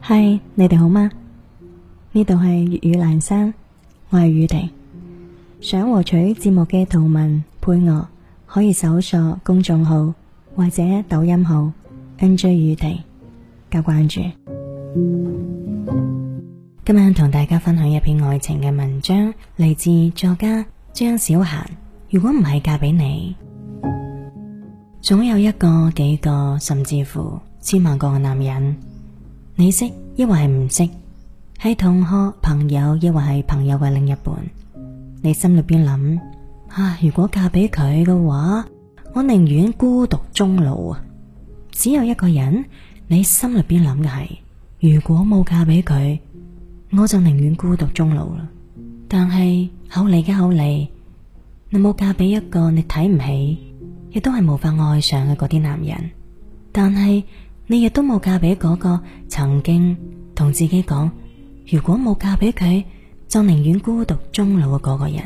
嗨，Hi, 你哋好嗎？呢度係粵語闌珊，我係雨婷，想獲取節目嘅圖文配樂，可以搜索公眾號或者抖音號 NJ 雨婷」。加關注。今晚同大家分享一篇愛情嘅文章，嚟自作家張小嫻。如果唔係嫁俾你，總有一個、幾個，甚至乎。千萬個嘅男人，你識抑或係唔識，係同學、朋友抑或係朋友嘅另一半，你心入邊諗啊，如果嫁俾佢嘅話，我寧願孤獨終老啊！只有一個人，你心入邊諗嘅係，如果冇嫁俾佢，我就寧願孤獨終老啦。但係好離嘅好離，你冇嫁俾一個你睇唔起，亦都係無法愛上嘅嗰啲男人，但係。你亦都冇嫁俾嗰個曾經同自己講，如果冇嫁俾佢，就寧願孤獨終老嘅嗰個人。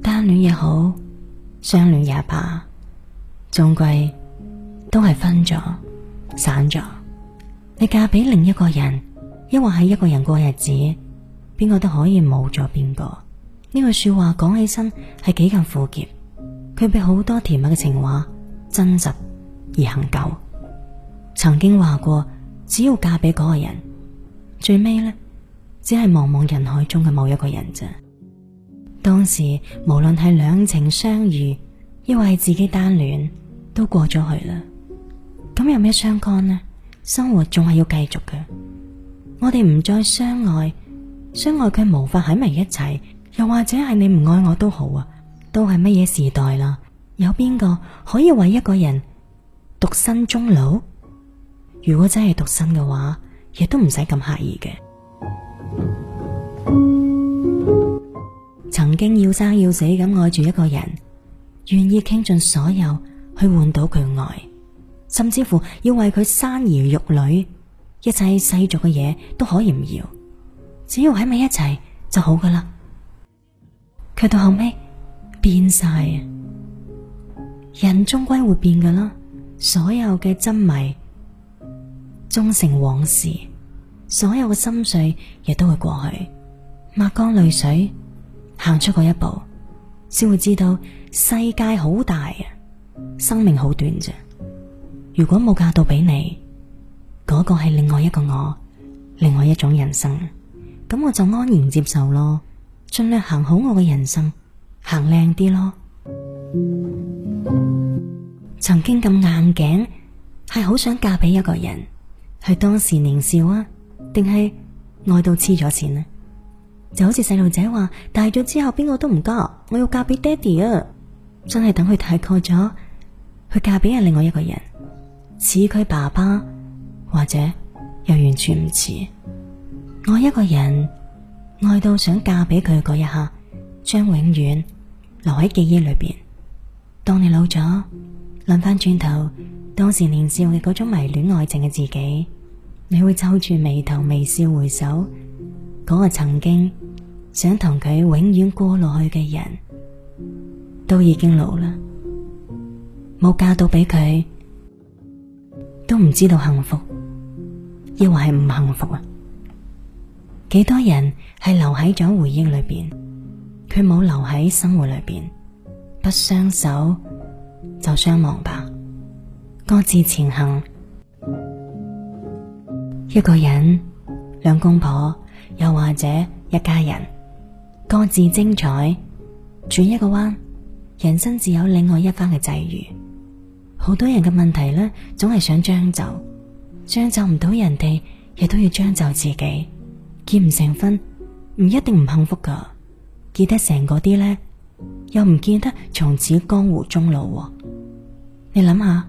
單戀也好，相戀也罷，終歸都係分咗散咗。你嫁俾另一個人，抑或係一個人過日子，邊個都可以冇咗邊個。呢句說話講起身係幾咁苦澀，佢俾好多甜蜜嘅情話真實而恒久。曾經話過，只要嫁俾嗰個人，最尾呢，只係茫茫人海中嘅某一個人咋。當時無論係兩情相悅，抑或係自己單戀，都過咗去啦。咁有咩相干呢？生活仲係要繼續嘅。我哋唔再相愛，相愛佢無法喺埋一齊，又或者係你唔愛我都好啊。都係乜嘢時代啦？有邊個可以為一個人獨身終老？如果真係獨身嘅話，亦都唔使咁刻意嘅。曾經要生要死咁愛住一個人，願意傾盡所有去換到佢嘅愛，甚至乎要為佢生兒育女，一切世俗嘅嘢都可以唔要，只要喺埋一齊就好噶啦。卻到後尾變晒，人終歸會變噶啦，所有嘅執迷。終成往事，所有嘅心碎亦都會過去，抹乾淚水，行出嗰一步，先會知道世界好大，生命好短啫。如果冇嫁到俾你，嗰個係另外一個我，另外一種人生，咁我就安然接受咯，盡量行好我嘅人生，行靚啲咯。曾經咁硬頸，係好想嫁俾一個人。係當時年少啊，定係愛到黐咗線啊？就好似細路仔話大咗之後邊個都唔得，我要嫁俾爹哋啊！真係等佢太過咗，佢嫁俾係另外一個人，似佢爸爸，或者又完全唔似。愛一個人，愛到想嫁俾佢嗰一刻，將永遠留喺記憶裏邊。當你老咗，諗翻轉頭。當時年少嘅嗰種迷戀愛情嘅自己，你會皺住眉頭微笑回首嗰、那個曾經想同佢永遠過落去嘅人，都已經老啦，冇嫁到俾佢，都唔知道幸福，抑或係唔幸福啊！幾多人係留喺咗回憶裏邊，佢冇留喺生活裏邊，不相守就相忘吧。各自前行，一個人、兩公婆，又或者一家人，各自精彩。轉一個彎，人生自有另外一番嘅際遇。好多人嘅問題呢，總係想將就，將就唔到人哋，亦都要將就自己。結唔成婚，唔一定唔幸福㗎。結得成嗰啲呢，又唔見得從此江湖中老、哦。你諗下。